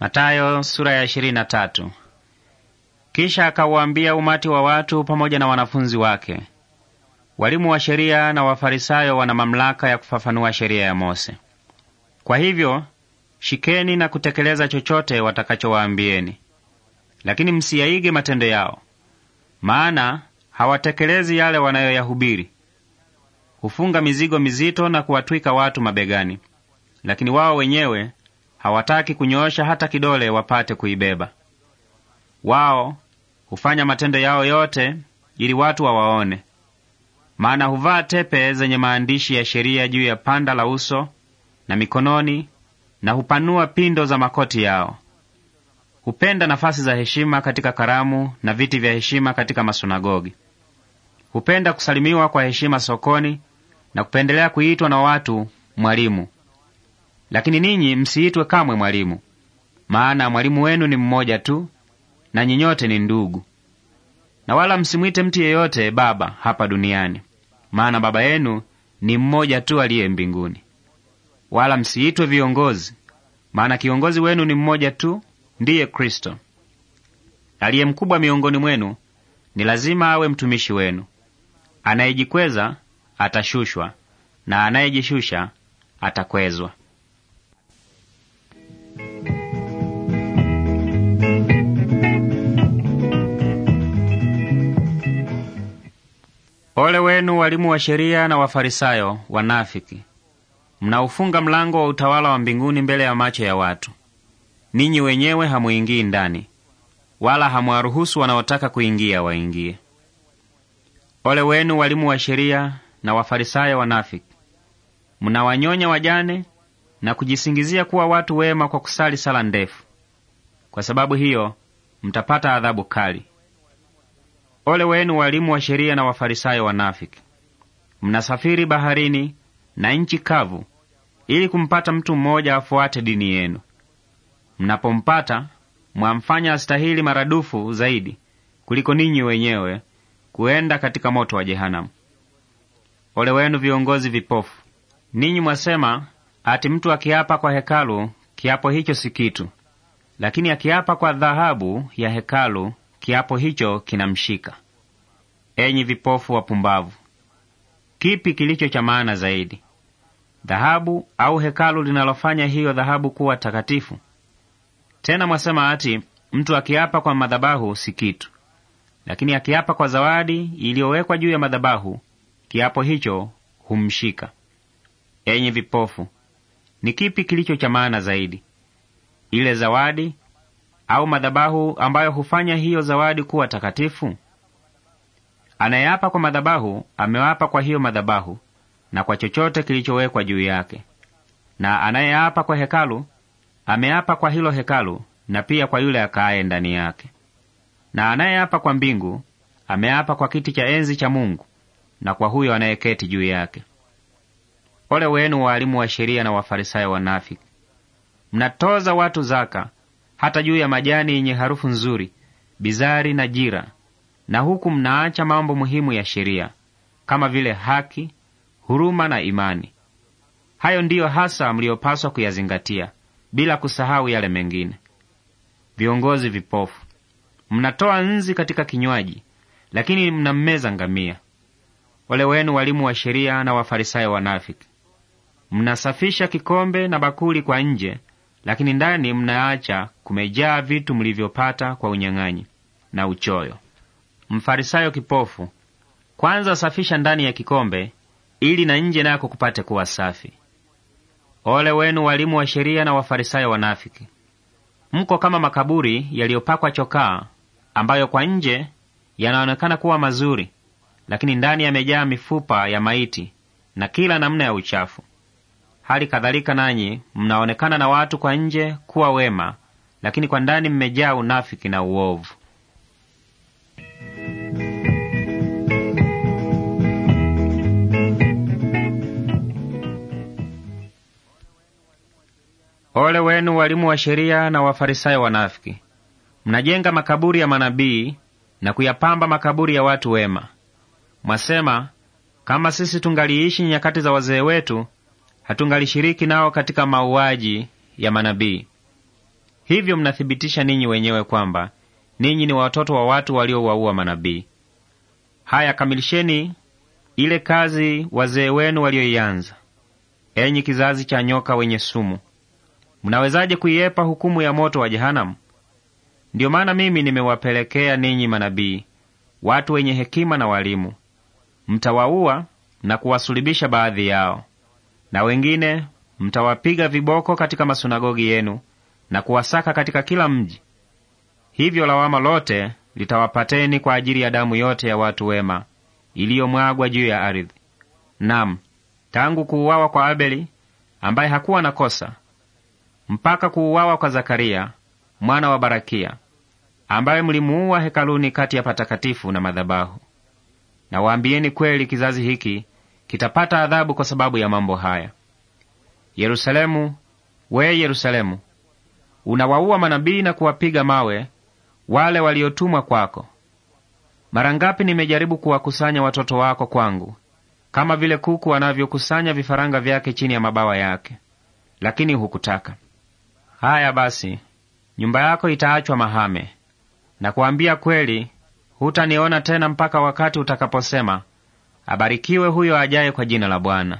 Matayo sura ya Kisha akawaambia umati wa watu pamoja na wanafunzi wake, walimu wa sheria na Wafarisayo wana mamlaka ya kufafanua sheria ya Mose. Kwa hivyo shikeni na kutekeleza chochote watakachowaambieni, lakini msiyaige matendo yao, maana hawatekelezi yale wanayoyahubiri. Hufunga mizigo mizito na kuwatwika watu mabegani, lakini wao wenyewe hawataki kunyoosha hata kidole wapate kuibeba. Wao hufanya matendo yao yote ili watu wawaone. Maana huvaa tepe zenye maandishi ya sheria juu ya panda la uso na mikononi, na hupanua pindo za makoti yao. Hupenda nafasi za heshima katika karamu na viti vya heshima katika masunagogi. Hupenda kusalimiwa kwa heshima sokoni na kupendelea kuitwa na watu mwalimu. Lakini ninyi msiitwe kamwe mwalimu, maana mwalimu wenu ni mmoja tu na nyinyote ni ndugu. Na wala msimwite mtu yeyote baba hapa duniani, maana Baba yenu ni mmoja tu aliye mbinguni. Wala msiitwe viongozi, maana kiongozi wenu ni mmoja tu, ndiye Kristo. Aliye mkubwa miongoni mwenu ni lazima awe mtumishi wenu. Anayejikweza atashushwa, na anayejishusha atakwezwa. Ole wenu walimu wa sheria na Wafarisayo wanafiki, mnaufunga mlango wa utawala wa mbinguni mbele ya macho ya watu. Ninyi wenyewe hamuingii ndani, wala hamwaruhusu wanaotaka kuingia waingie. Ole wenu walimu wa sheria na Wafarisayo wanafiki, mnawanyonya wajane na kujisingizia kuwa watu wema kwa kusali sala ndefu. Kwa sababu hiyo mtapata adhabu kali. Ole wenu walimu wa sheria na Wafarisayo wanafiki, mnasafiri baharini na nchi kavu ili kumpata mtu mmoja afuate dini yenu. Mnapompata mwamfanya astahili maradufu zaidi kuliko ninyi wenyewe kuenda katika moto wa jehanamu. Ole wenu viongozi vipofu, ninyi mwasema ati mtu akiapa kwa hekalu, kiapo hicho si kitu, lakini akiapa kwa dhahabu ya hekalu, kiapo hicho kinamshika enyi vipofu wapumbavu, kipi kilicho cha maana zaidi, dhahabu au hekalu linalofanya hiyo dhahabu kuwa takatifu? Tena mwasema ati mtu akiapa kwa madhabahu si kitu, lakini akiapa kwa zawadi iliyowekwa juu ya madhabahu, kiapo hicho humshika. Enyi vipofu, ni kipi kilicho cha maana zaidi, ile zawadi au madhabahu ambayo hufanya hiyo zawadi kuwa takatifu? Anayeapa kwa madhabahu ameapa kwa hiyo madhabahu na kwa chochote kilichowekwa juu yake, na anayeapa kwa hekalu ameapa kwa hilo hekalu na pia kwa yule akaaye ndani yake. Na anayeapa kwa mbingu ameapa kwa kiti cha enzi cha Mungu na kwa huyo anayeketi juu yake. Ole wenu waalimu wa sheria na Wafarisayo wanafiki, mnatoza watu zaka hata juu ya majani yenye harufu nzuri, bizari na jira na huku mnaacha mambo muhimu ya sheria kama vile haki, huruma na imani. Hayo ndiyo hasa mliyopaswa kuyazingatia, bila kusahau yale mengine. Viongozi vipofu, mnatoa nzi katika kinywaji, lakini mnammeza ngamia. Ole wenu walimu wa sheria na Wafarisayo wanafiki! Mnasafisha kikombe na bakuli kwa nje, lakini ndani mnaacha kumejaa vitu mlivyopata kwa unyang'anyi na uchoyo. Mfarisayo kipofu, kwanza safisha ndani ya kikombe, ili na nje nako kupate kuwa safi. Ole wenu walimu wa sheria na Wafarisayo wanafiki! Mko kama makaburi yaliyopakwa chokaa, ambayo kwa nje yanaonekana kuwa mazuri, lakini ndani yamejaa mifupa ya maiti na kila namna ya uchafu. Hali kadhalika nanyi mnaonekana na watu kwa nje kuwa wema, lakini kwa ndani mmejaa unafiki na uovu. Ole wenu walimu wa sheria na wafarisayo wanafiki, mnajenga makaburi ya manabii na kuyapamba makaburi ya watu wema. Mwasema, kama sisi tungaliishi nyakati za wazee wetu, hatungalishiriki nao katika mauaji ya manabii. Hivyo mnathibitisha ninyi wenyewe kwamba ninyi ni watoto wa watu waliowaua manabii. Haya, kamilisheni ile kazi wazee wenu walioianza, enyi kizazi cha nyoka wenye sumu mnawezaje kuiepa hukumu ya moto wa jehanamu? Ndiyo maana mimi nimewapelekea ninyi manabii, watu wenye hekima na walimu. Mtawaua na kuwasulubisha baadhi yao, na wengine mtawapiga viboko katika masunagogi yenu na kuwasaka katika kila mji. Hivyo lawama lote litawapateni kwa ajili ya damu yote ya watu wema iliyomwagwa juu ya ardhi. Nam, tangu kuuawa kwa Abeli ambaye hakuwa na kosa mpaka kuuawa kwa Zakaria mwana wa Barakia, ambaye mlimuua hekaluni kati ya patakatifu na madhabahu. Nawaambieni kweli, kizazi hiki kitapata adhabu kwa sababu ya mambo haya. Yerusalemu, we Yerusalemu, unawaua manabii na kuwapiga mawe wale waliotumwa kwako. Mara ngapi nimejaribu kuwakusanya watoto wako kwangu, kama vile kuku anavyokusanya vifaranga vyake chini ya mabawa yake, lakini hukutaka. Haya basi, nyumba yako itaachwa mahame. Nakuambia kweli, hutaniona tena mpaka wakati utakaposema, abarikiwe huyo ajaye kwa jina la Bwana.